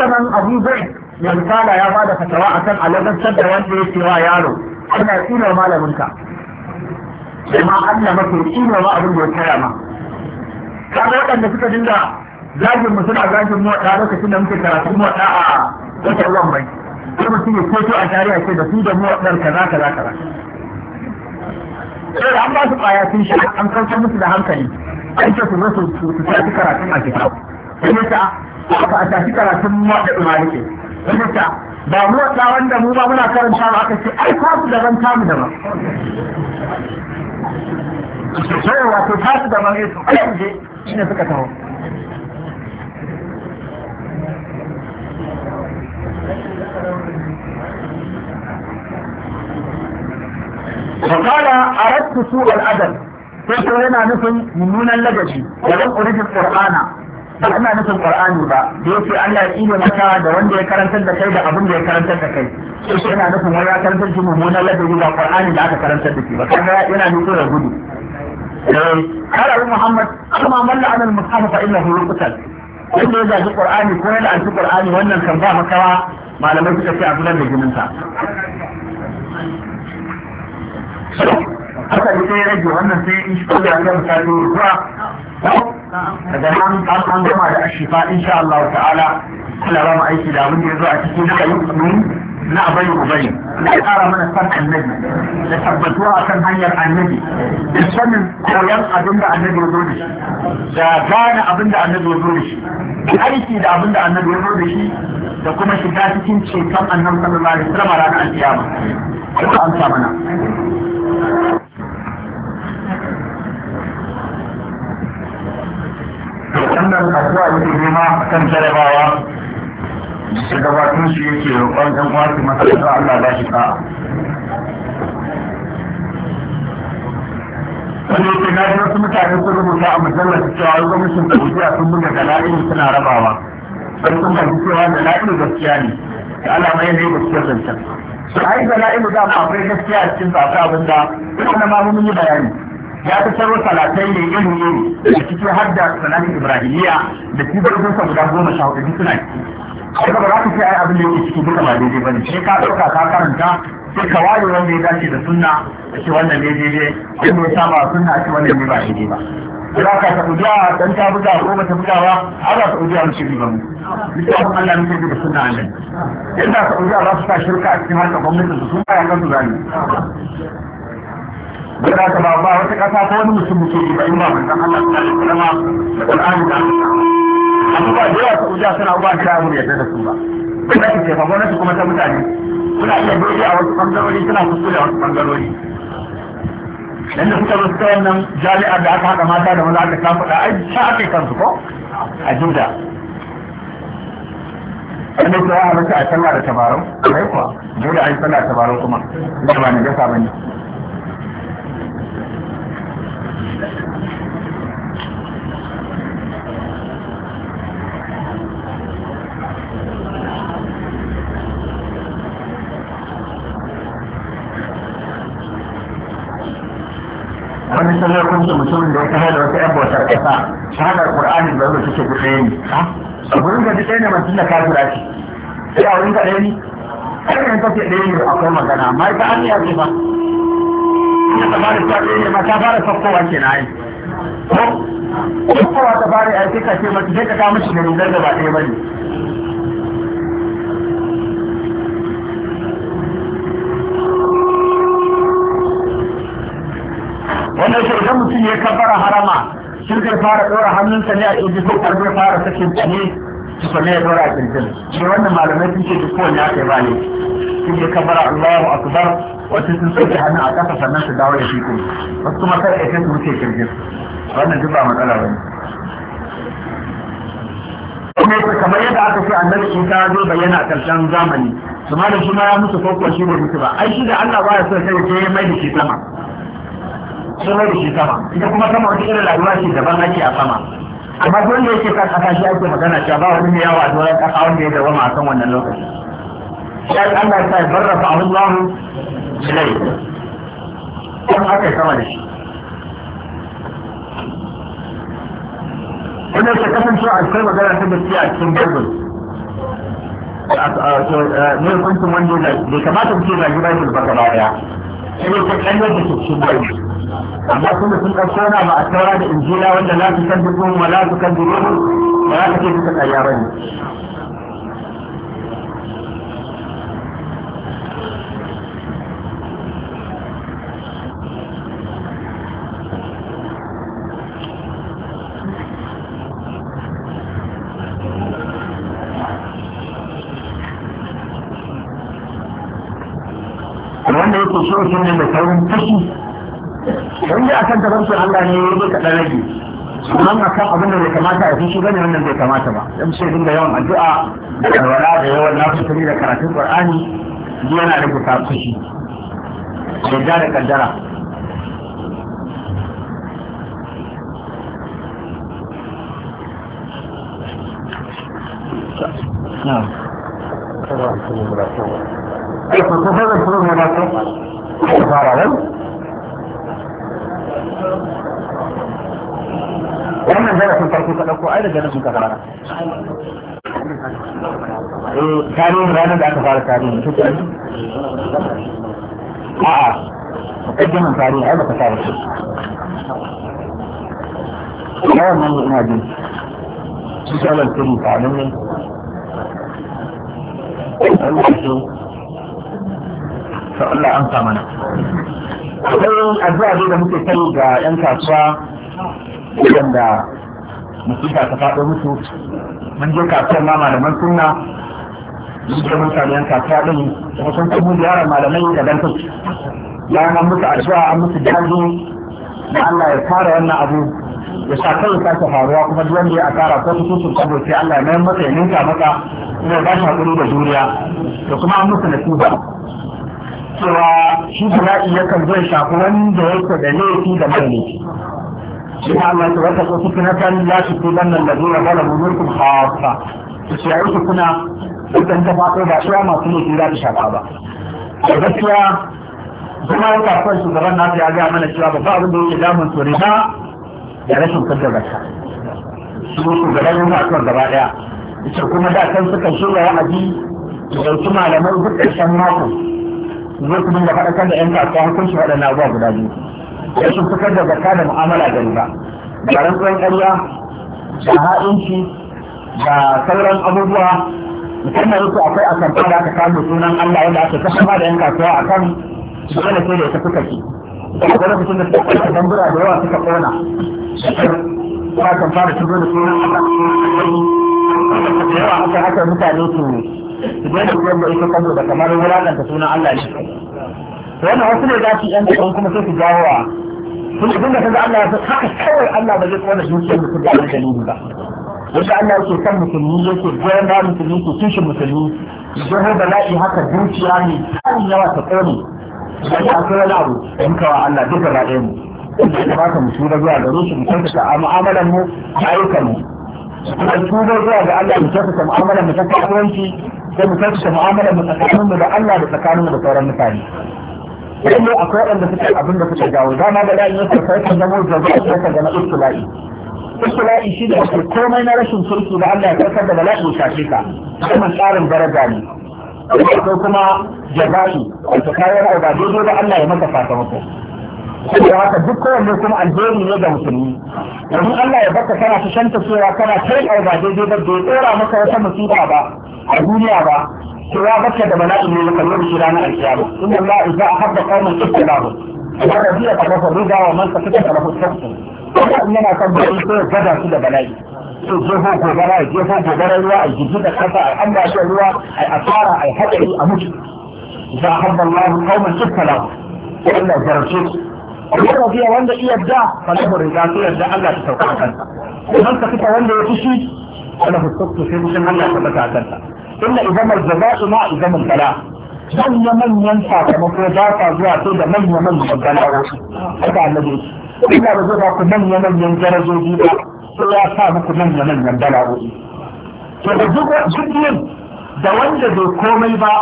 haka nan abu zai mai misala ya bada fatawa akan alaƙar da wanda ya cewa yaro ana tsino malaminka kuma Allah mafi tsino ma abin da ya kaya ma kaga waɗanda suka dinga zagin mu suna zagin mu a lokacin da muke karatu mu a wata ruwan bai sai mutum ya koto a shari'a ce da su da mu waɗar kaza kaza kaza sai an ba su ƙwaya sun shi an kauce musu da hankali an ce su zo su tafi karatun a kitabu kuma ta aka a tafi karatun mu da maliki kuma ba mu wata wanda mu ba muna karanta ba aka ce ai tasu daban tamu daban sai wato tasu daban ne eh, su ai shi ne suka taho فقال rasu su al'adar sai yana nufin mummunan ladabi da zan ƙuri Qur'ana ba ina nufin qur'ani ba da yake Allah ya tsine maka da wanda ya karantar da kai da abin da ya karantar da kai to shi nufin wani ya karantar shi mummunan ladabi ba qur'ani da aka karantar da shi ba kaga yana nufin da gudu eh, muhammad kuma malla كما من لعن المصحف فإنه يقتل wanda ya zaji qur'ani ko ya la'anci qur'ani wannan kan ba makawa malamai suka ce a zunar da ginin sa haka da sai rage wannan sai in shi ko da ya misali zuwa daga nan an gama da shifa insha Allah ta'ala Allah ba mu aiki da abin da yazo a cikin duka yin na abai ubai na tsara mana san annabi da tabbatuwa akan hanyar annabi da sanin koyon abin da annabi yazo da shi da gane abin da annabi yazo da shi da aiki da abin da annabi yazo da shi da kuma shiga cikin ceton annabi sallallahu alaihi wasallam ranar alkiyama Allah an sa mana wannan addu'a yake nema kan jarabawa da gabatun shi yake roƙon ɗan uwa su masa da Allah ba shi sa'a wani yake na ji wasu mutane sun rubuta a mujallar cewa gwamnatin Saudiya sun buga gala'in suna rabawa sai sun fahimci cewa gala'in gaskiya ne da Allah mai ne gaskiyar zancen. Su da gala'in da ma akwai gaskiya a cikin zafi abinda, ina ma mun yi bayani. ya ta sarwa salatai ne irin ne da cikin har da salatin Ibrahimiya, da kibarfinsa guda goma sha hudu suna ciki ba za ka ce ai abin da yake ciki duka ba daidai ba ne sai ka ɗauka ka karanta sai ka ware wanda ya dace da sunna a ce wannan ne daidai wanda ya saba sunna a ce wannan ne ba daidai ba za ka ta buga dan ta buga ko ba ta buga ba har za ta buga mu shiri ba mu littafin Allah ne da sunna Allah yanda ta buga za su sa shirka a cikin harkar gwamnati su sun bayan kansu zalimi da za ka ba ba wata ƙasa ko wani mutum mutum ba in ba manzon Allah ta yi kuma da Qur'ani da abubuwa da yawa su ja suna uba ta mu yadda da su ba kuma ta ce fa gwamnati kuma ta mutane suna iya dole a wasu bangarori suna kuskure a wasu bangarori dan da suka rusa wannan jami'ar da aka haɗa mata da maza aka kafa da ai sha ake kansu ko a juda wanda ke ya halatta a sallah da tabarau kai kuwa dole a yi sallah da tabarau kuma ita ba ni gasa ba ne sun san hukuncin mutumin da ya taho da wata yan bautar ƙasa shahadar qur'ani da wanda suke kuɗe ne a gurin ka ɗaya ne mutum da kafira ce sai a wurin ka ɗaya ni? ɗaya ta ce ɗaya ne akwai magana amma ita an yi ake ba ina ta fara ta ɗaya ne ma ta fara sakkowa ke na yi ko kowa ta fara aiki ka ce mata sai ka ta mishi ne rigar da ba ɗaya ba ne mutum ya kabbara harama sun fara ɗora hannunsa ne a ƙirji ko karbe fara sakin ta ne su sanai ya ɗora a ƙirjin shi wannan malamai sun ce duk kowanne aka yi ba ne sun je kabbara Allahu akbar wasu sun sauke hannu a ƙasa sannan su dawo da shi kuma wasu kuma kar ya kai su wuce ƙirjin wannan duk ba matsala ba ne. kuma kamar yadda aka ce annabi isa zai bayyana a karshen zamani kuma da shi ma ya mutu ko kuwa shi bai mutu ba ai shi da Allah ba ya so sai ya mai da shi sama sai kuma sama wata irin rayuwa ce daban ake a sama amma duk yake kan shi ake magana cewa ba wani mai yawa a kasa wanda ya kan wannan lokaci Allah ya kan aka sama da shi wanda ke kasancewa a cikin magana ta gaskiya a cikin ne hukuncin wanda kamata mutum ya gida shi ba gaba daya ta da ke cikin gari amma kuma sun ɗauko na ba a taura da injila wanda la su kan dukkan ma la su kan dukkan ba za ka ke suka ƙarya ba ne wanda yake shi ne mai saurin fashi. don da akan tabarsu Allah ne ya kaɗan rage amma akan abin da bai kamata a fi bane wannan bai kamata ba dan sai dinga yawan addu'a da alwala da yawan nafsiri da karatun Qur'ani yana da bukatunci da da kaddara نعم. كيف تفضل الفروض المناسبة؟ wannan zarafin farko ka ɗauko ai daga nan muka fara eh tarihin ranar da aka fara tarihin su a'a ƙaddamin tarihi ai baka fara su na wannan ina jin su shalar tiri tsarin ne Allah an sa mana. Akwai addu'a da muke kai ga 'yan kasuwa da musulka ta faɗo musu mun je kasuwar ma malaman suna, mun je mun samu yan kasuwa ɗin kuma sun kuma ziyarar malamai da dan Ya bayan an musu addu'a an musu jaji na Allah ya fara wannan abu ya sa kai ya sake faruwa kuma duk wanda ya asara ko su sun kabo sai Allah ya mayar masa ya ninka maka kuma ya bashi haƙuri da juriya da kuma an musu nasiba cewa shi bala'i yakan zai shafi wanda yake da laifi da mai laifi شيء الله يتوفق وسكنة لا تكونن الذين ظلموا منكم خاصة الشيء سكنة duk an tafa ko ba shi ma kuma su da shafa ba a gaskiya kuma ya kafin shugaban nasu ya ga mana cewa ba abin da yake damun su riba da rashin kudin rasa su shugaban yin kasuwar gaba daya ita kuma da kan suka shirya wa'azi da ɗauki malaman duk ƙarshen mako zai kuma da faɗakar da 'yan kasuwa hukunci waɗannan abubuwa guda biyu da sun fitar da zakka da mu'amala da riba da rantsuwan ƙarya da ha'inci da sauran abubuwa musamman yake akwai a kan fara ka samu sunan Allah wanda ake kasama da yan kasuwa a kan dole sai da ita suka ci da lokacin da suka kwana tambura da yawa suka kona ba kan fara shigo da sunan Allah da yawa aka haka mutane su su daina ruwan ita kando da kamar da sunan Allah ne wannan wasu ne za su yan da kuma sai su jawo wa sun idan da kaga Allah ya haka kawai Allah ba zai kona zuciyar mutum da dalili ba wanda Allah yake san musulmi yake goyon da musulmi ke kishin musulmi jihar bala'i haka zuciya ne tsarin yawa ta kone da ya akwai wani abu da muka Allah duka ba ɗaya mu inda ya kamata mu tura zuwa da shi mu kyautata a mu'amalar mu a ayyukan mu kuma tura zuwa ga Allah mu kyautata mu'amalar mu ta kasuwanci sai mu kyautata mu'amalar mu tsakanin mu da Allah da tsakanin mu da sauran mutane lalle akwai wanda suke abin da suke dawo dama da layin yasa sai ka zama zazzabi da ka na istila'i istila'i shi da ke komai na rashin sulki da Allah ya karkar da bala'i ya shafe ka kuma tsarin daraja ne akwai kuma jaza'i wato kayan ba daidai da Allah ya maka sakamako saboda haka duk kowanne kuma alheri ne ga musulmi Yanzu Allah ya baka kana ta shanta cewa kana kai ai ba daidai ba bai tsora maka wata musiba ba a duniya ba ya baka da bala'i ne ya kalli shi ranar alkiyama inna Allah idza ahabba qauman ittabahu wa radiya fa lahu rida wa man sakata lahu sakta in yana kan bai sai gada su da bala'i sai jefo gobara ya jefo gobara ruwa a jiji da kasa a ambashin ruwa a asara a haɗari a mutu za a haɗa Allah kauman ittabahu wanda zarce su ya tafiya wanda iya da falahu riga su yadda Allah ta sauka kansa idan ka fita wanda ya fushi wala hukuku sai mutum Allah ta baka kansa inna idan mai jaza'u ma idan mun kala manya manyan sakamako ba ta zuwa sai da manya manyan galawa haka annabi ina da zuwa ku manya manyan darajoji ba sai ya sa muku manya manyan dalawoyi to da duk duk da wanda bai komai ba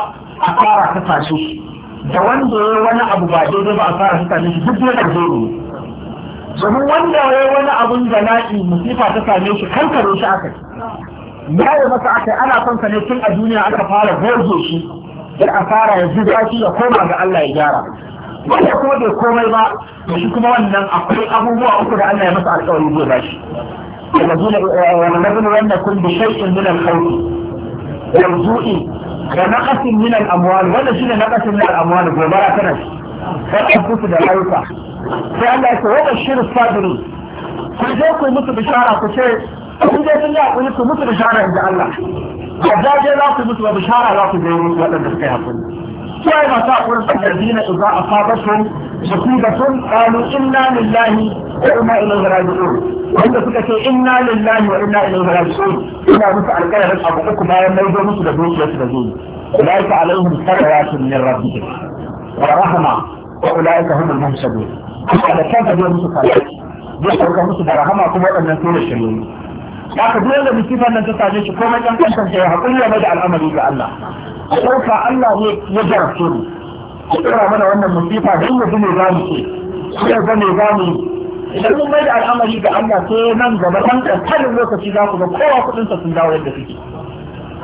a fara kafa shi da wanda ya wani abu ba daidai ba a fara suka ne duk yana daidai domin wanda ya wani abun da na'i musifa ta same shi kankare shi aka ya yi masa aka ana son sa ne tun a duniya aka fara goge shi da a fara ya zuba shi ya koma ga Allah ya gyara wanda kuma bai komai ba da shi kuma wannan akwai abubuwa uku da Allah ya masa alƙawari zai bashi yanzu ne wannan kun bi shay'in min al-khawf yanzu'i da naqasin min al-amwal wanda shine naqasin min al-amwal gobara tana shi sai ku da rayuka sai Allah ya ce wa bashir sabirin ku je ku mutu bishara ku ce kun je sun yi hakuri ku mutu bishara inda Allah ba za za ku mutu ba bishara za ku je waɗanda suka yi hakuri سواء تقول الذين إذا أصابتهم مصيبة قالوا إنا لله وإنا إليه راجعون وإن سكت إنا لله وإنا إليه راجعون إنا نسأل كيف الأبوك ما يميزوا مثل بيت يسرزين أولئك عليهم صلوات من ربهم ورحمة وأولئك هم المهتدون هذا كان تجيب مثل صلاة يسرق مثل رحمة كما أن يكون الشريعين haka duk wanda musifa nan ta same shi komai kan kansa ya haƙuri game da al'amari ga Allah a Allah ne ya jarabce mu ya ɗora mana wannan musifa don mu ne za mu ce ya ga ne za mu idan mun mai da al'amari ga Allah sai nan gaba ɗan ƙanƙanin lokaci za ku ga kowa kuɗinsa sun dawo yadda suke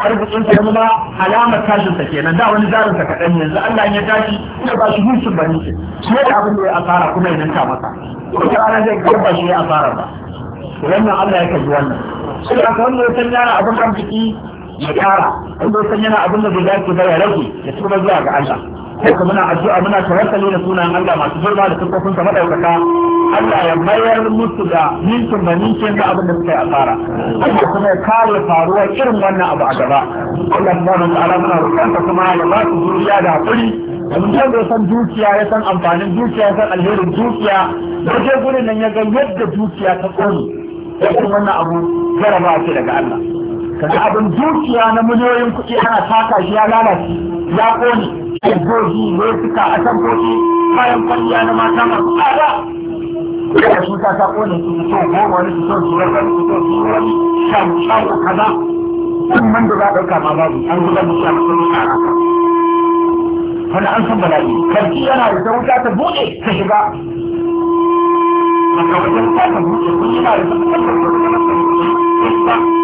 arzikin sa kuma alamar tashin sa kenan da wani zarin sa kadan yanzu Allah ya tashi ya ba shi hutun bani shi ne da abin da ya asara kuma ya ninka masa wata ana zai karba shi ya asara ba wannan Allah ya kaji wannan sai aka wannan san yana abin arziki ya kara in san yana abin da bai dace ba ya rage ya tuba zuwa ga Allah kuma muna addu'a muna tawakkali da sunan Allah masu girma da sa madaukaka Allah ya mayar musu da ninkin da ninkin da abin da suka yi asara Allah kuma ya kare faruwar irin wannan abu a gaba Allah ya wa ta'ala muna ta kuma ya ba su zuriya da hakuri kuma kan da san dukiya ya san amfanin dukiya ya san alherin dukiya da ke gurin nan ya ga yadda dukiya ta ƙone ya wannan abu ba ce daga Allah kaga abin dukiya na miliyoyin kuɗi ana taka shi ya lalace ya ƙone shaddoji ne suka a kofi bayan kwalliya na mata masu tsada da su ta ta ƙone su so goma wani su su rasa su so su wani shan shawo kaza in man da za a ɗauka ma babu an zuba musu a matsayin tsara wani an san bala'i karki yana da wuta ta buɗe ta shiga a wajen ta ta buɗe kun yana da ta buɗe ta buɗe ta buɗe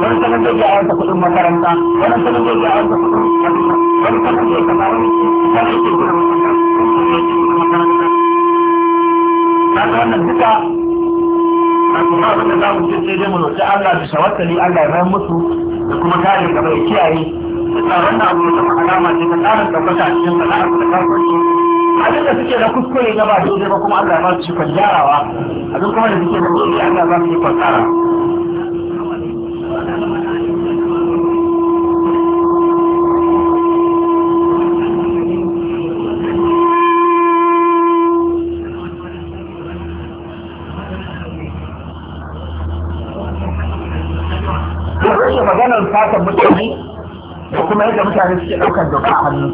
wani sanin da ya yanka kuɗin makaranta wani da ya makaranta wani da ya makaranta ba za mu Allah ya da kuma kare gaba ya da na alama ce ta a cikin sana'ar da kasuwanci abin da kuskure ba kuma Allah ba su shi gyarawa abin kuma da suke na daidai Allah ba su yi kwantara. kuma yadda mutane suke ɗaukar doka a hannu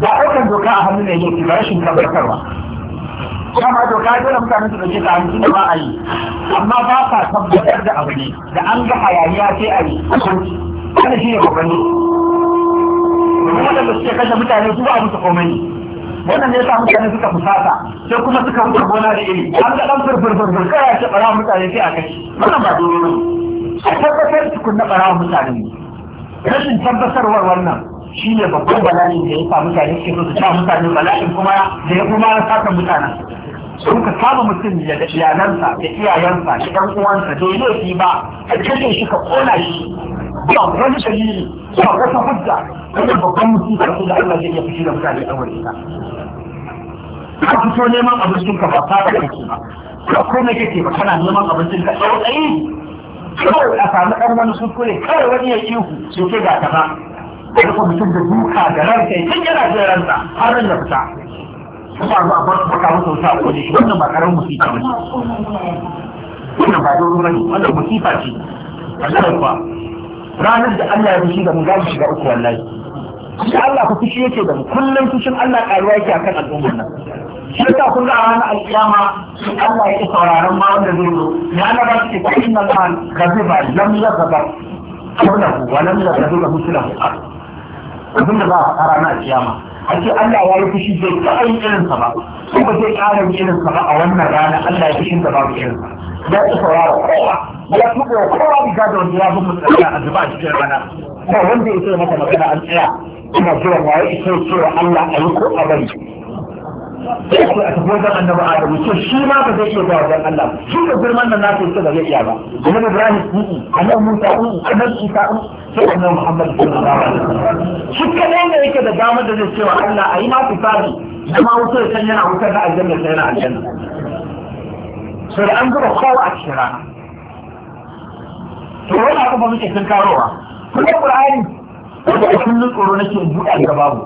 da ɗaukar doka a hannu ne yake ba rashin tabbatarwa dama doka dole mutane su ɗauke ta hannu da ba a yi amma ba sa tabbatar da abu ne da an ga hayaniya sai a yi wani shi ne kokari waɗanda suke kashe mutane su ba musu komai wannan ne yasa mutane suka fusata sai kuma suka wuce gona da iri an ga ɗan furfurfurfur kai ya ce ɓara mutane sai a kai wannan ba dole ne a tabbatar tukun na ɓara mutane ne rashin tabbatarwar wannan shi ne babban bala'in da ya sa mutane suke so su mutane bala'in kuma da ya kuma saka mutanen sun ka kama mutum da iyalansa da iyayensa da ɗan uwansa da ya ba ka kashe shi ka kona shi ba wani dalili ba wata hujja wannan babban mutum da da Allah zai iya fushi da mutane a wani ta ka fito neman abincin ka ba fara kake ba ka kome kake ba kana neman abincin ka tsautsayi kawai a samu ɗan wani kuskure kawai wani ya ihu su ke ga kaza da kuma mutum da duka da ranta tun yana jin ransa har ran da fita kuma a bar su baka musu wuta ko shi wannan ba karamin musifa ba wannan ba dole bane wannan musifa ce wallahi kuwa ranar da Allah ya fushi da mu za mu shiga uku wallahi shi Allah ku fushi yake da mu kullum fushin Allah karuwa yake akan al'ummar nan shi ta kun ga ranar alkiyama in Allah ya sauraron ma wanda zai zo ya na ba shi kai nan kan gaziba lam yazaba kullahu wa lam yazaba lahu sulahu abin da za a fara na alkiyama a ce Allah ya yi fushi zai ƙara yin irin sa ba ko ba zai ƙara yin irin sa ba a wannan rana Allah ya fushin da babu irin sa ya ci saurara kowa ya tuɓe wa kowa riga da wanda ya fi mutsariya a zuba a cikin rana ba wanda ya ce mata magana an tsaya ina jiran waye ita cewa Allah a yi ko a bari sai ku a tafi wajen annabi adamu to shi ma ba zai iya zuwa wajen Allah shi da girman nan nasu yake ba zai iya ba annabi ibrahim uku annabi musa uku annabi isa uku sai annabi muhammad sallallahu alaihi wasallam shi kadai ne yake da damar da zai cewa Allah ayi ma ku fadi kuma wuce san yana wutar da aljanna sai yana aljanna sai an zuba kowa a cikin rana to wani abu ba muke sun karowa kuma qur'ani wanda kullun tsoro nake in buɗe ga babu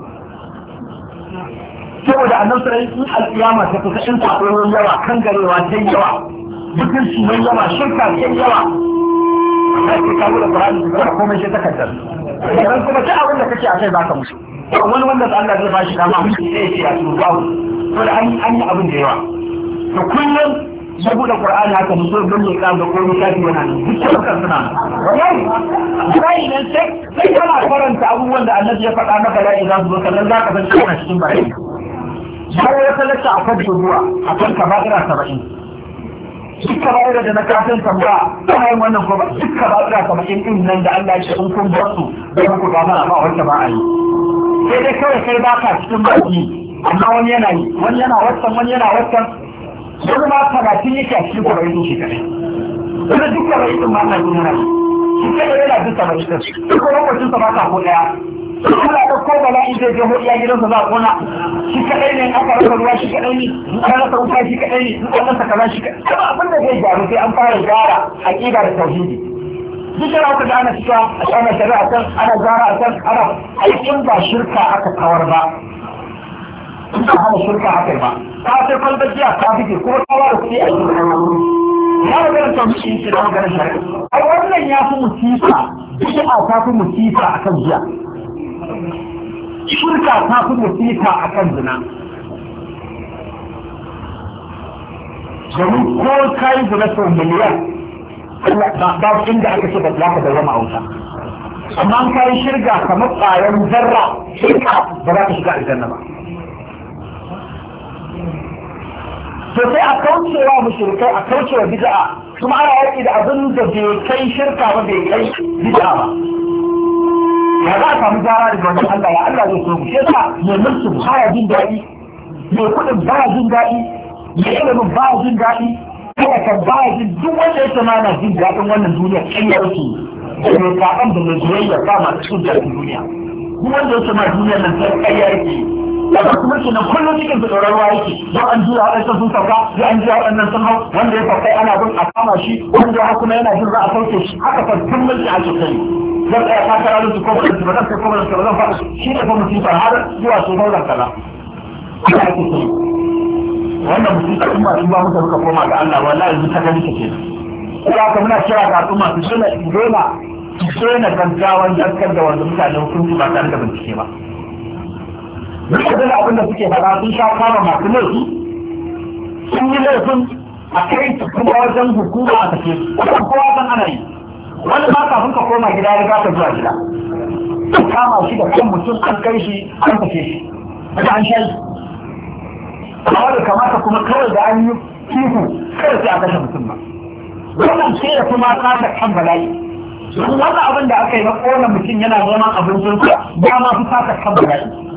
saboda annabi sallallahu alaihi wasallam alƙiyama ta kusa in sakon yawa kan garewa ta yawa dukkan su mai yawa shirka ta yawa a ce kawo da Qur'ani da komai shi takardar idan kuma sai abin da kake a kai zaka musu wani wanda Allah zai bashi dama mutum sai ya ce ya tuba to da an yi abin da yawa to kullum ya buɗe Qur'ani haka mu so mun leka ga komai kafi wannan dukkan kan suna wallahi sai nan sai sai kana karanta abubuwan da Annabi ya faɗa na bala'i za su zo sannan ka san kana cikin bala'i har ya salasta a kan turuwa a kan kaba'ira saba'in duk kaba'ira da na kafin tambaya ta yin wannan kuma duk kaba'ira saba'in din nan da Allah ya ce in kun su da ku ga mana ba wanda ba a yi sai dai kawai sai ba ka cikin baki amma wani yana yi wani yana wasan wani yana wani ma talatin yake a cikin kaba'in shi kaɗai. wani duk kaba'in ma na yi yana yi shi yana duk kaba'in duk wani mutum sa ba ka ko daya Allah da ko bala'i zai je hodiya gidansa za a kona shi kadai ne aka rasa ruwa shi kadai ne aka rasa wuta shi kadai ne aka rasa kaza shi kadai kuma abin da zai gyaru sai an fara gyara aqida da tauhidi duk da aka ana cewa ana shari'a kan ana gyara a kan ana aikin ba shirka aka kawar ba ba hana shirka aka ba ta sai kwalbar jiya ta fice kuma kawa da kuɗi a cikin ya magana ta mushi shi da magana shari'a ai wannan ya fi musifa bid'a ta fi a kan jiya shirka ta fi musika a kan zina domin ko kayi zina sau miliyan ba su inda aka ce ba za ka zama a wuta amma an kayi shirga kamar tsayen zarra shirka ba za ka shiga aljanna ba to sai a kaucewa mushrikai a kaucewa bid'a kuma ana yaki da abin da bai kai shirka ba bai kai bid'a ba ya za a samu gyara daga wajen Allah ya Allah zai so mu shi yasa mai mulkin baya jin daɗi mai kuɗin baya jin daɗi mai ilimin baya jin daɗi kada ka baya jin duk wanda ya sama na jin daɗin wannan duniya kan yarki da mai saɓan da mai biyayya ba masu jin daɗin duniya duk wanda ya sama duniyar nan sai kan yarki yana kuma ke na kullum cikin su tsoron ruwa yake don an jira waɗansu sun sauka ya an jira waɗannan sun hau wanda ya sauka ana bin a kama shi wanda ya kuma yana jin za a sauke shi haka fa tun mulki a shekaru zan tsaya takara da su ko ba zan ba zan ko ba zan ba zan faɗa shi ne kuma musibar har zuwa su maulan kaza haka ake so wannan musibar in ba in ba muka muka koma ga Allah wallahi yanzu ta gani take kuma ka muna kira ga al'umma su dole su dole su dole gaggawan gaskar da wanda mutane hukunci ba tare da bincike ba dukkan abin da suke faɗa sun sha kama masu laifi sun yi laifin a kai su kuma wajen hukuma a tafi wannan kowa san ana yi wani ma kafin ka koma gida ya ka zuwa gida kama shi da kan mutum an kai shi an tafi shi da an shayi amma da kamata kuma kawai da an yi kihu kawai sai a kashe mutum ba wannan sai da kuma da kan bala'i wannan abin da aka yi na kona mutum yana neman abin sun ba ma fi kasa kan bala'i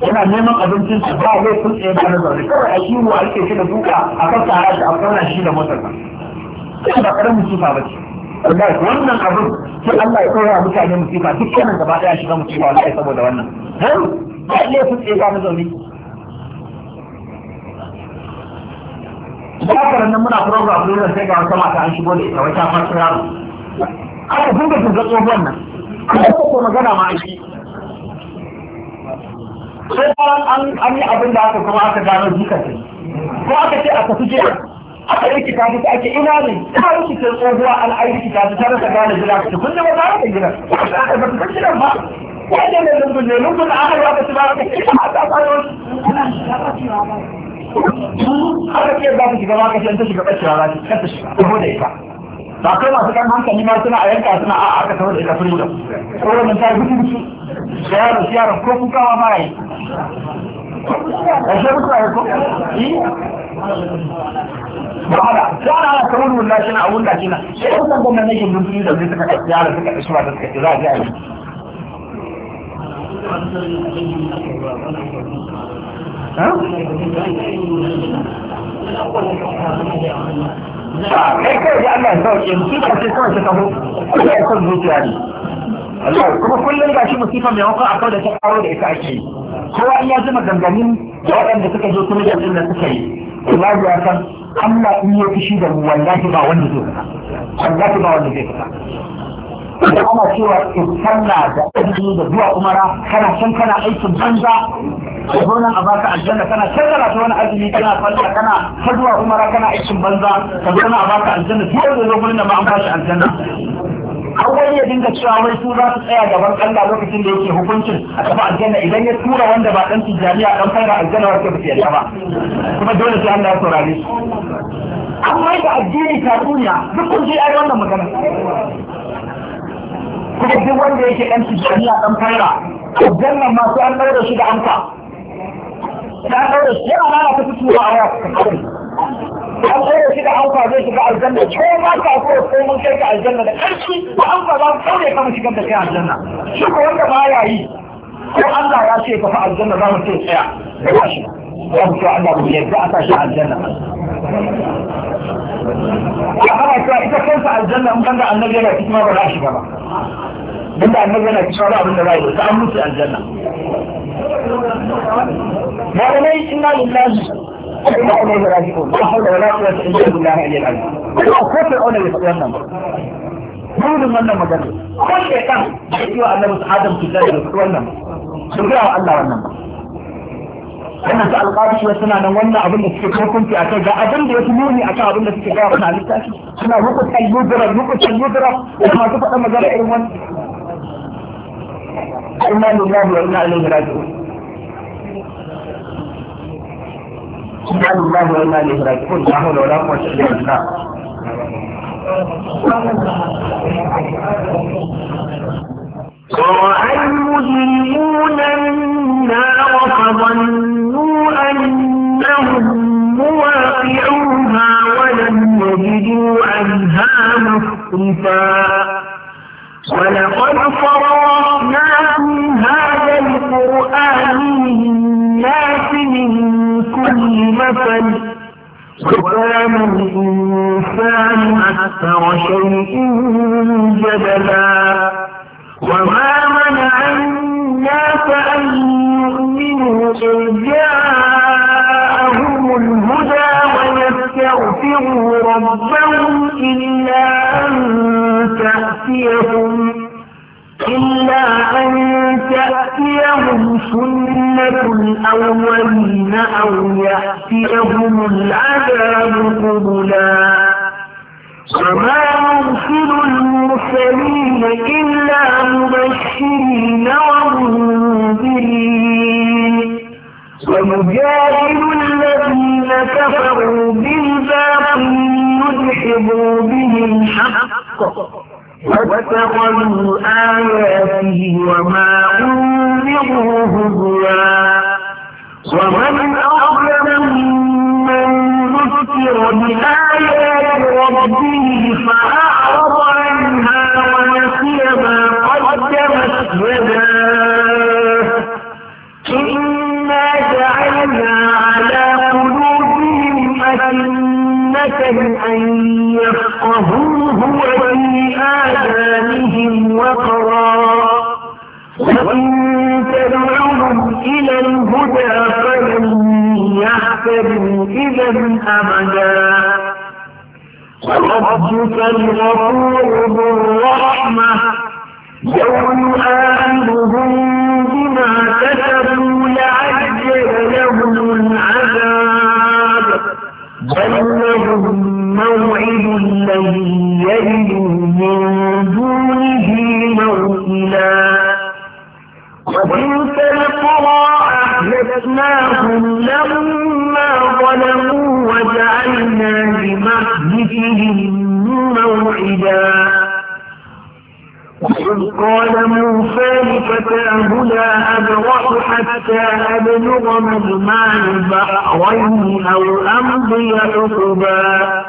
yana neman abincin su ba wai kun tsaye ba na zaune kawai a kiwo a rike shi da duka a kan tsara shi a kauna shi da motar sai ba karamin musifa ba ce wallahi wannan abin sai Allah ya kawo mutane musifa duk dukkanin gaba daya shiga musifa wallahi saboda wannan har ba iya kun tsaye ba na zaune Ba haka nan muna program ɗin sai ga wata mata an shigo da ita wata fasira aka dinga tunzatsuwan wannan an ko magana ma a shi sai an an yi abin da aka kuma aka gano ce ko aka ce a tafi jiya aka yi kita ta ake ina ne ta yi kita tsohuwa an ayi kita ta rasa gane gida ta kun ji gina, ta rasa ba ta rasa ba, ba wanda ne lungun ne lungun da aka yi aka ci ba aka yi ba ta tsaro aka ce za ta shiga ma kashe ta shiga ɓacewa za ta shiga ko da ita ba kai masu kan hankali ma suna a yanka suna a aka ta da ita sun yi da ta yi gudu yaro shi yaron ko kukawa ba yi ƙarshe kuka yi ko yi wahala yara ana ta wuri wula shi na abun da shi na sai kusan gwamnan nake dukkan da zai suka kai yara suka kai suna da suka ce za a je a yi kai kai da Allah ya sauke su ka ce kawai ka kabo kuma ya son zuciya ne kuma kullum gashi masifa mai wakon kawai da ta karo da ita ake yi kowa ya zama gangamin da waɗanda suka zo kuma da da suka yi wallahi ya san Allah in ya fushi da mu wallahi ba wanda zai fita wallahi ba wanda zai fita da kuma cewa in sanna da azumi da zuwa umara kana can kana aikin banza da zonan a baka aljanna kana can kana ta wani azumi kana falla kana ta zuwa umara kana aikin banza ka zonan a baka aljanna duk wanda zo gurin da ma an bashi aljanna har wani ya dinga cewa wai su za su tsaya gaban Allah lokacin da yake hukuncin a kafa aljanna idan ya tura wanda ba dan tijaniya dan fara aljanna wanda ba su yarda ba kuma dole sai Allah ya saurare su amma da addini ta duniya duk kun ji ai wannan magana kuma duk wanda yake dan tijaniya dan fara aljanna ma sai an daura shi da amsa an daura shi yana lalata fitowa a waya an kore shi da an kwazo shi ga aljanna ko ma ka ko ko mun kai ka aljanna da karshe ko an kwazo an kore ka mun shigar da kai aljanna shi ko wanda ba ya yi ko Allah ya ce ka fa aljanna za mu ce tsaya ba shi ya mutu Allah mu yadda aka shi aljanna ya fara cewa ita kansa aljanna in banda annabi yana cikin ba za shi ba banda annabi yana cikin ba abin da za yi ta an mutu aljanna malamai inna lillahi لا إليه راجعون لا حول ولا قوة إلا بالله إلى العلي أخوف الأولى يسلم burin wannan magana ko shaitan da yi wa annabi adam su da su wannan su ga Allah wannan wannan su alƙawashi wa suna nan wannan abin da suke hukunci a kai ga abin da yafi muni a kan abin da suke gawa na littafi suna rukuta yudura rukuta yudura da masu faɗa magana irin wannan inna lillahi wa inna ilaihi raji'un سبحان الله وإنا إليه راجعون لا حول ولا قوة إلا بالله ورأى المجرمون النار فظنوا أنهم مواقعوها ولم يجدوا عنها مصرفا ولقد صرفنا من هذا القرآن للناس من مثل وكان الإنسان أكثر شيء جدلا وما منع الناس أن يؤمنوا إذ جاءهم الهدى ويستغفروا ربهم إلا أن تأتيهم إلا أن تأتيهم سنة الأولين أو يأتيهم العذاب قبلا وما نرسل المرسلين إلا مبشرين ومنذرين ويجاهد الذين كفروا بالباطل يدحضوا به الحق واتخذوا آياته وما أنذروا هزوا ومن أظلم ممن ذكر بآيات ربه فأعرض عنها ونسي ما قدمت يداه أن يفقهوه وفي آذانهم وقرا وإن تدعوهم إلى الهدى فلن يهتدوا إذا أبدا وربك الغفور ذو الرحمة لو يؤاخذهم بما كسبوا لعجل لهم العذاب بل لهم موعد لن يجد من دونه موئلا وتلك القرى أهلكناهم لما ظلموا وجعلنا لمحدثهم موعدا إذ قال موسى لفتاه لا أبرح حتى أبلغ مجمع البحرين أو أمضي حقبا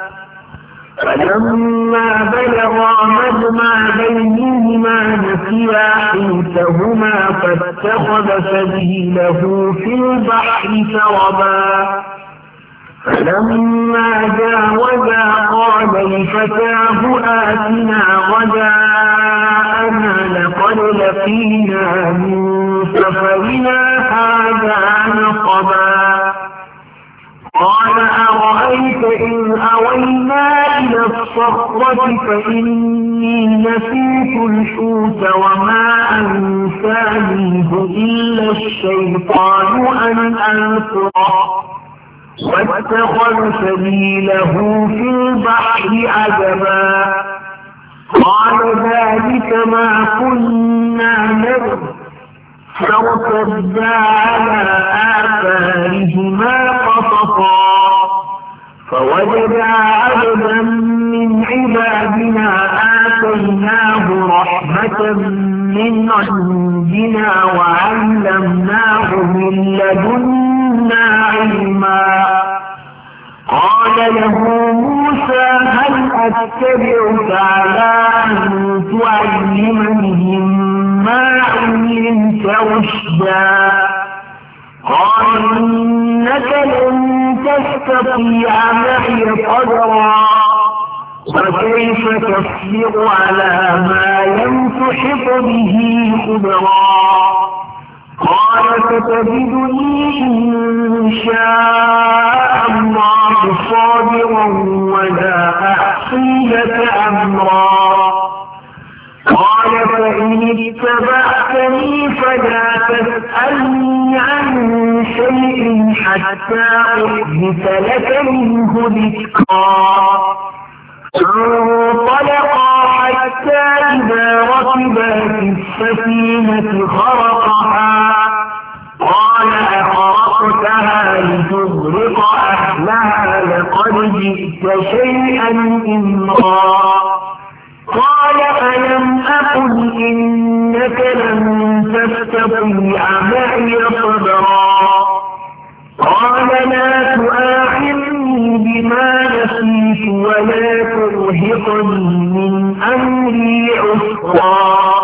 فلما بلغا مجمع بينهما نسيا حوتهما فاتخذ سبيله في البحر سربا فلما جاوزا قال لفتاه آتنا غدا معنا لقد لقينا من سفرنا هذا نقبا قال أرأيت إن أوينا إلى الصخرة فإني نسيت الحوت وما أنسانيه إلا الشيطان أن ألقى واتخذ سبيله في البحر عجبا قالوا ذلك ما كنا نرد فارتدا على آثارهما قصصا فوجدا عبدا من عبادنا آتيناه رحمة من عندنا وعلمناه من لدنا علما قال له موسى هل أتبعك على أن تعلمني مما علمت رشدا قال إنك لن تستطيع معي قدرا وكيف تصبر على ما لم تحط به خبرا قال ستجدني إن شاء الله صابرا ولا أحصي لك أمرا قال فإن اتبعتني فلا تسألني عن شيء حتى أحدث لك منه ذكرا انطلقا حتى إذا ركبا في السفينة خرقها قال أخرقتها لتغرق أهلها لقد جئت شيئا إمرا قال ألم أقل إنك لن تستطيع معي صبرا قال لا تؤاخذني بما نسيت ولا مرهق من أمري عسرا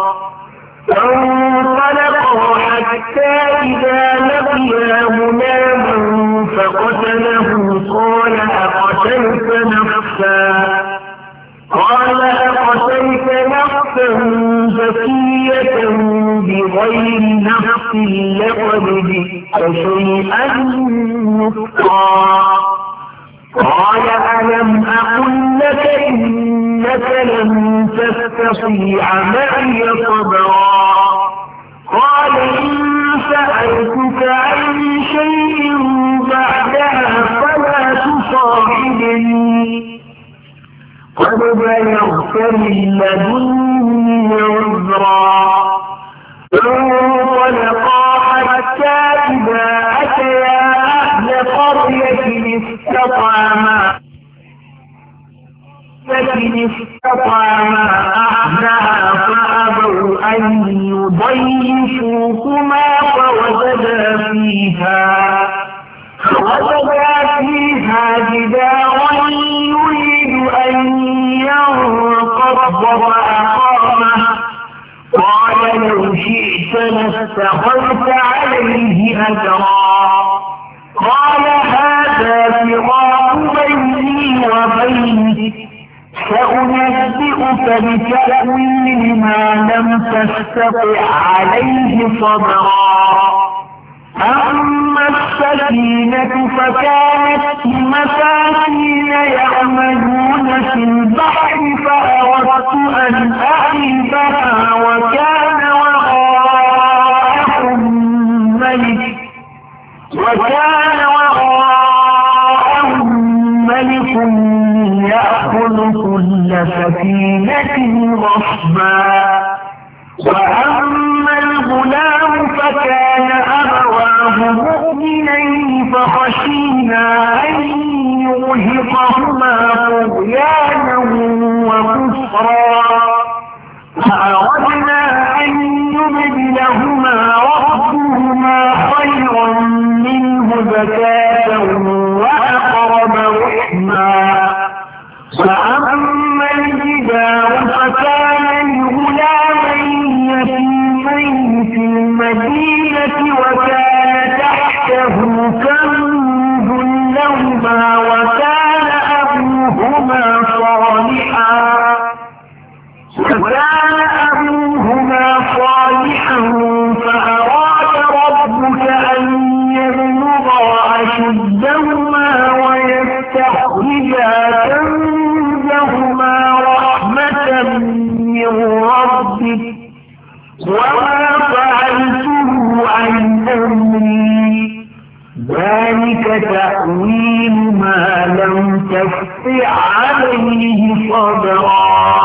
صبرا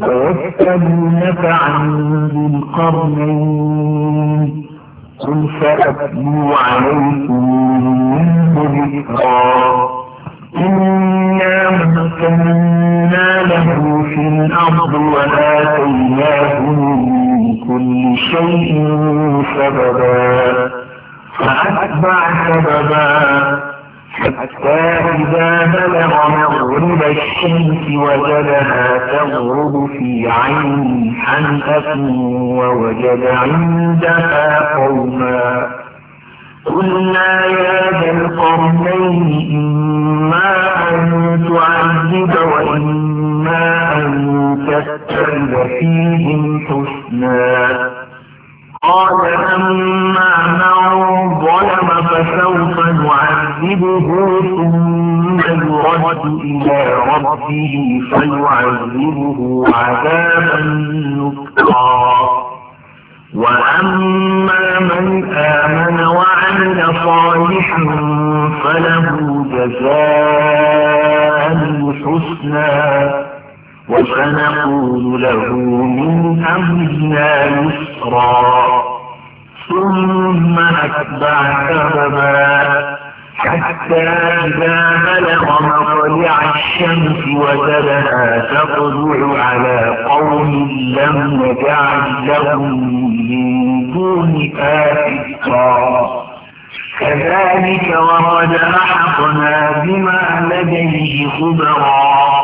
ويسألونك عن ذي القرنين قل سأتلو عليكم منه ذكرا إنا مكنا له في الأرض وآتيناه من كل شيء سببا فأتبع سببا حتى إذا بلغ مغرب الشمس وجدها تغرب في عين حنفة ووجد عندها قوما قلنا يا ذا القرنين إما أن تعذب وإما أن تتخذ فيهم حسنا قال أما من ظلم فسوف نعذبه ثم يرد إلى ربه فيعذبه عذابا نكرا وأما من آمن وعمل صالحا فله جزاء الحسنى وسنقول له من أمرنا يسرا ثم أتبع سببا حتى إذا بلغ مطلع الشمس وجدها تطلع على قوم لم نجعل لهم من دونها فترا كذلك وقد أحقنا بما لديه خبرا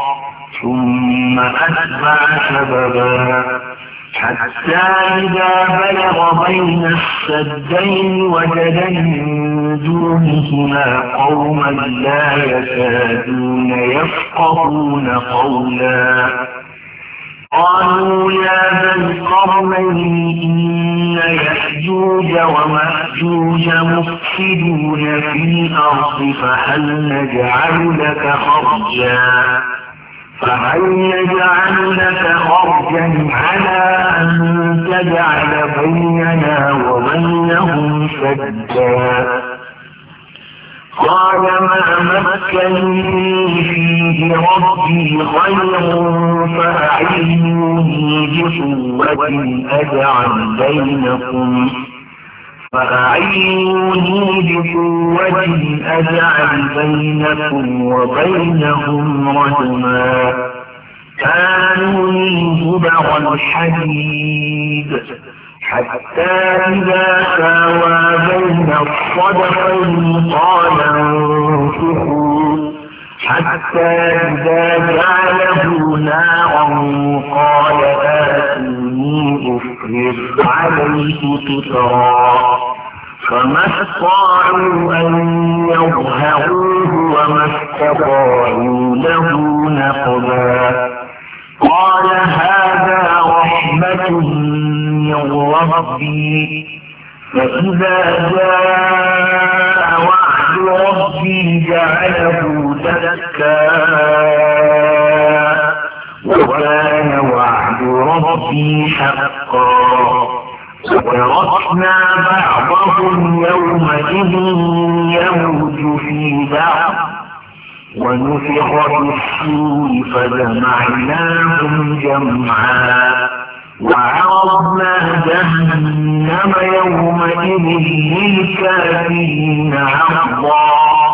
ثم أتبع سببا حتى إذا بلغ بين السدين وجد من دونهما قوما لا يكادون يفقهون قولا قالوا يا ذا القرنين إن يأجوج ومأجوج مفسدون في الأرض فهل نجعل لك خرجا فهل يجعل لك خرجا على أن تجعل بيننا وبينهم شدا قال ما مكني فيه ربي خير فأعيني بقوة أجعل بينكم فأعينوني بقوة أجعل بينكم وبينهم رجما كانوا من الحديد حتى إذا ساوى بين الصدقين قال انفقوا حتى إذا جعله نارا قال آتوني أفرغ عليه قطرا فما استطاعوا أن يظهروه وما استطاعوا له نقبا قال هذا رحمة من ربي فإذا جاء وعد ربي جعله دكا وكان وعد ربي حقا وتركنا بعضهم يومئذ يموت في بعض ونفخ في السور فجمعناهم جمعا وعرضنا جهنم يومئذ للكافرين عرضا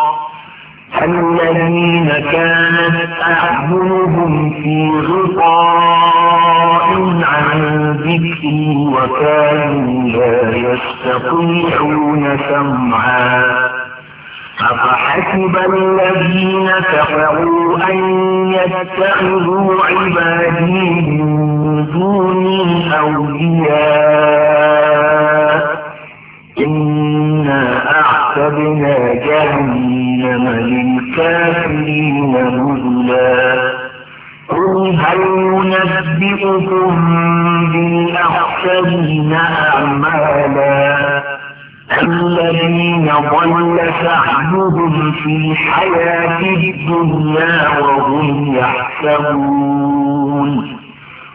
الذين كانت أعينهم في غطاء عن ذكري وكانوا لا يستطيعون سمعا أفحسب الذين كفروا أن يتخذوا عبادي من دوني أولياء إنا أعتدنا جهنم للكافرين نزلا قل هل ننبئكم بالأحسنين أعمالا الذين ضل سعيهم في الحياة الدنيا وهم يحسبون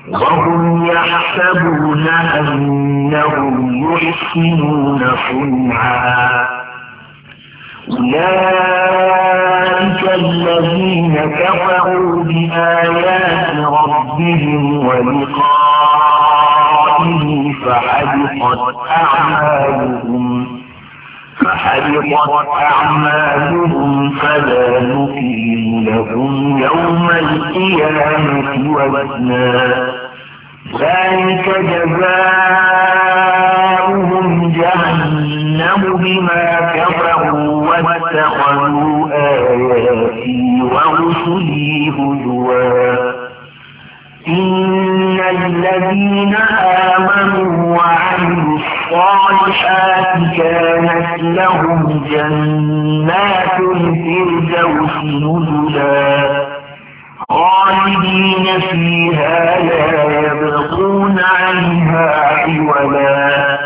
وهم يحسبون أنهم يحسنون صنعا أولئك الذين كفروا بآيات ربهم ولقائه فحبطت أعمالهم فحبطت أعمالهم فلا نقيم لهم يوم القيامة وزنا ذلك جزاؤهم جهنم بما كفروا واتخذوا آياتي ورسلي هجوا إن الذين آمنوا وعملوا الصالحات كانت لهم جنات الفردوس نزلا خالدين فيها لا يبغون عنها عولا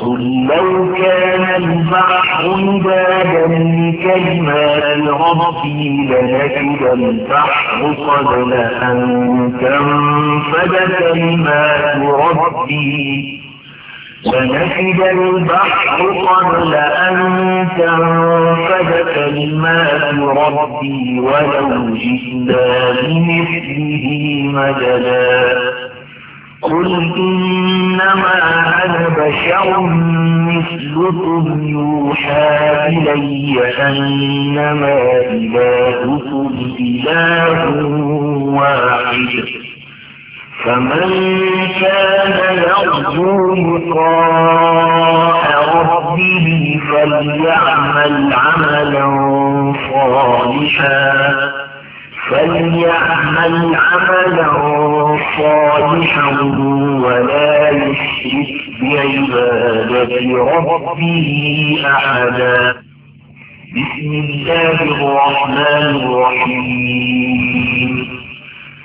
قل لو كان البحر عبادا لكلمات ربي لنجد البحر قبل أن تنفد كلمات ربي ونفد البحر قبل أن تنفد كلمات ربي ولو جئنا بمثله مددا قل إنما أنا بشر مثلكم يوحى إلي أنما إلهكم إله واحد فمن كان يرجو لقاء ربه فليعمل عملا صالحا فليعمل عملا صالحا ولا يشرك بعبادة ربه أحدا بسم الله الرحمن الرحيم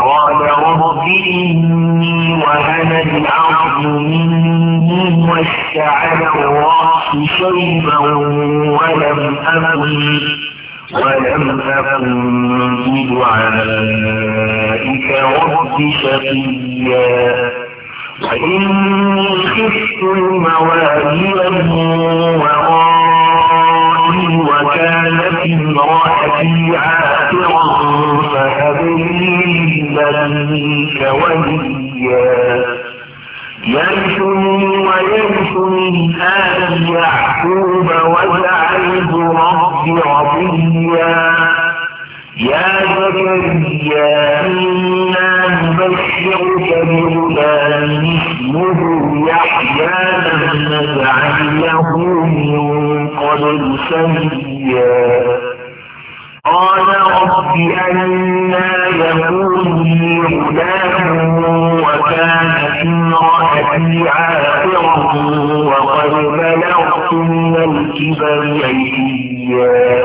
قال رب إني وهن الأرض مني واشتعل الراح شيبا ولم أمن ولم أكن بدعائك رب شقيا وإني خفت الموالي وراء وكانت امرأتي عاقرا فهب لي منك وليا يرثني ويرث من آل يعقوب واجعله رب رضيا يا زكريا إنا نبشرك بغلام اسمه يحيى لم نجعل له من قبل سيدا قال رب أنا يكون لي غلام وكانت امرأتي عاقرا وقد بلغت من الكبر عتيا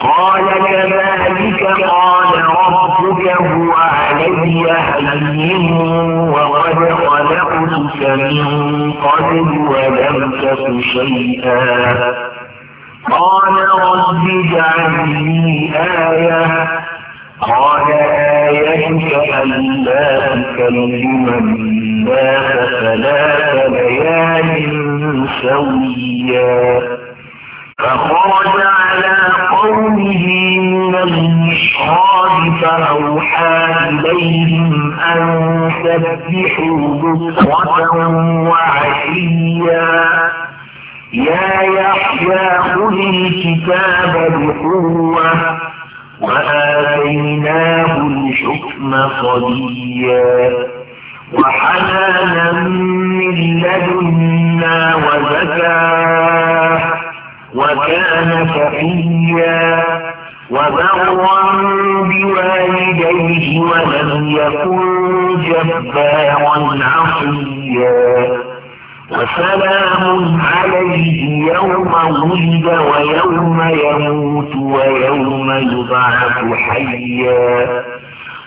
قال كذلك قال ربك هو علي هين وقد خلقتك من قبل ولم تك شيئا قال رب اجعل لي آية قال آيتك ألا تكلم الناس ثلاث ليال سويا فخرج على قومه من المشراب فأوحى إليهم أن سبحوا بكرة وعشيا يا يحيى خذ الكتاب بقوة وآتيناه الحكم صبيا وحنانا من لدنا وزكاة وكان تقيا وبرا بوالديه ولم يكن جبارا عصيا وسلام عليه يوم ولد ويوم يموت ويوم يبعث حيا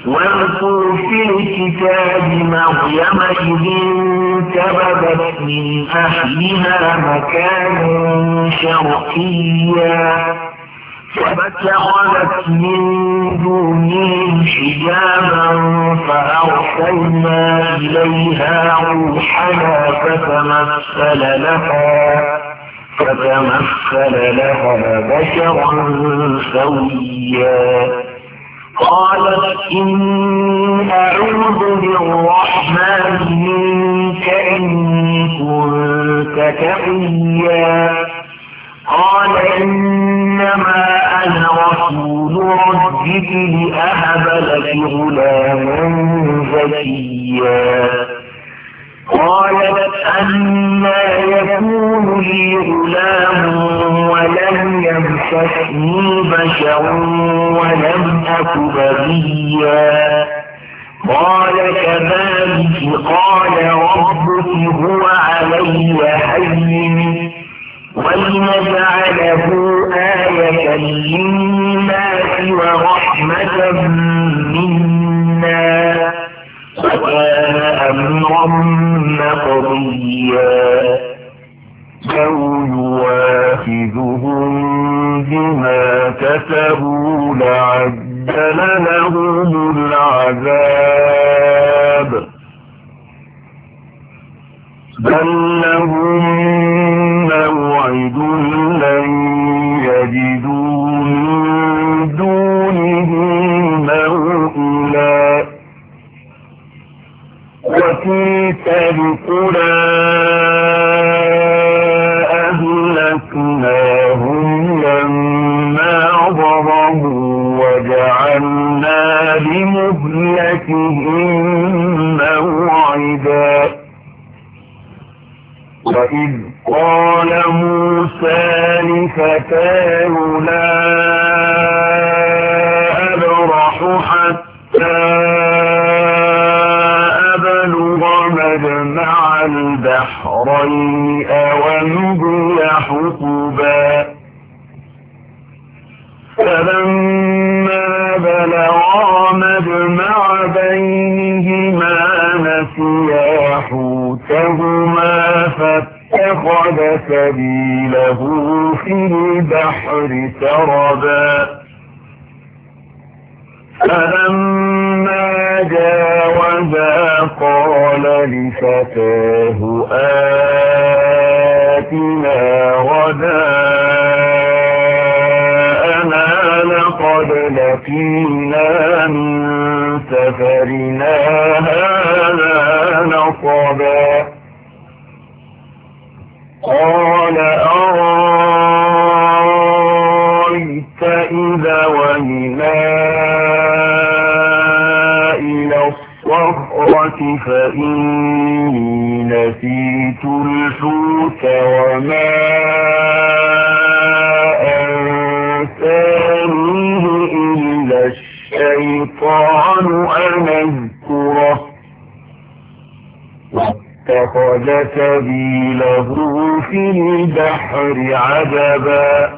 واذكر في الكتاب مريم إذ انتبذت من أهلها مكانا شرقيا فاتخذت من دونه حجابا فأرسلنا إليها روحنا فتمثل لها فتمثل لها بشرا سويا قالت إني أعوذ بالرحمن منك إن كنت تقيا قال إنما أنا رسول ربك لأهب لك غلاما زكيا قالت أنا يكون لي غلام ولم يمسكني بشر ولم أك بغيا قال كذلك قال ربك هو علي جعله آية للناس ورحمة منا وكان أمرا مقضيا لو يواخذهم بما كتبوا لعجل لهم العذاب بل حوتهما فاتخذ سبيله في البحر سربا فلما جاوزا قال لفتاه آتنا غدا لقد لقينا من سفرنا هذا نصبا قال أرأيت إذا ولنا إلى الصخرة فإني نسيت الحوت وما أنسانيه إلا الشيطان أن أذكره اتخذ سبيله في البحر عجبا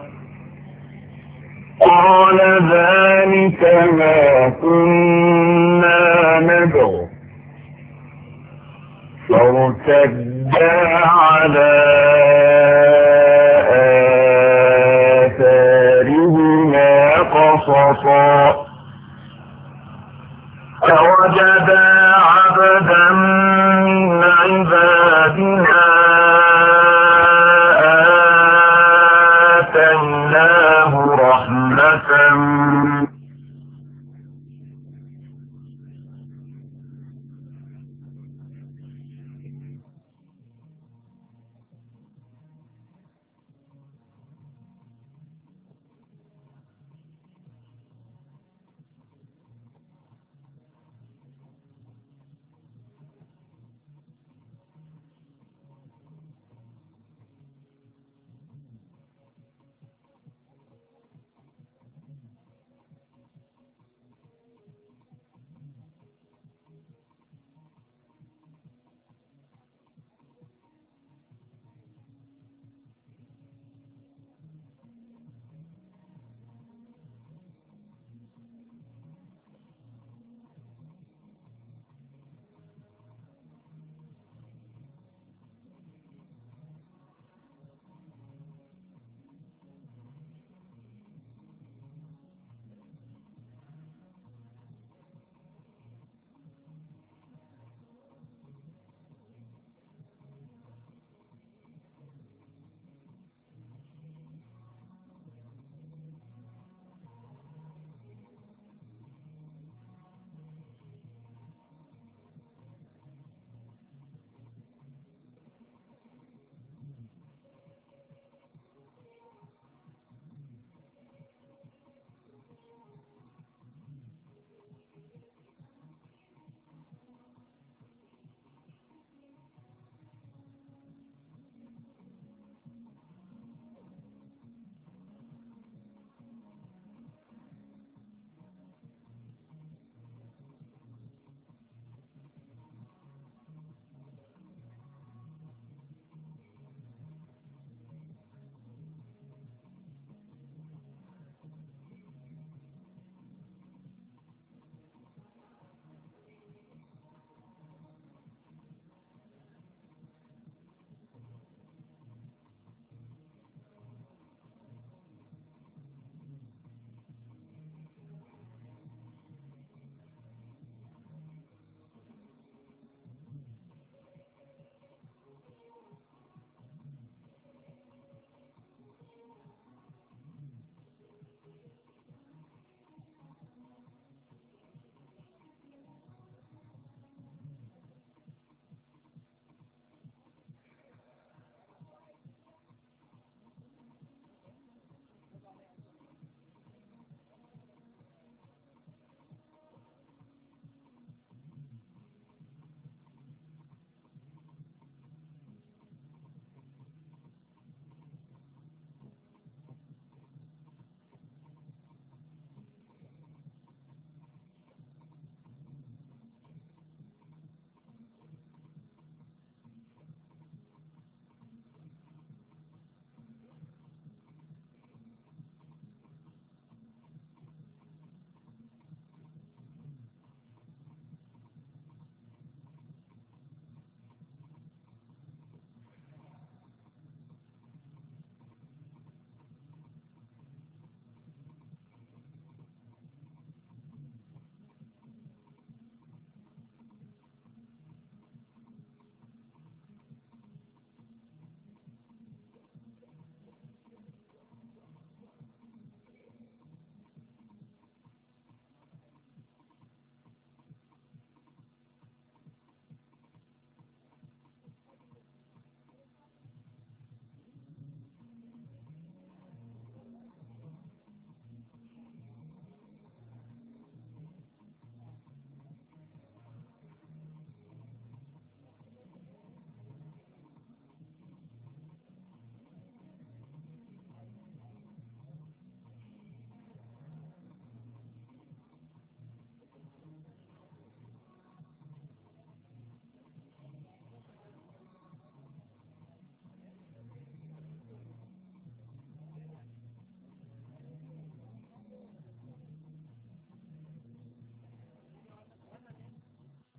قال ذلك ما كنا ندعو فارتدا على آثارهما قصصا فوجد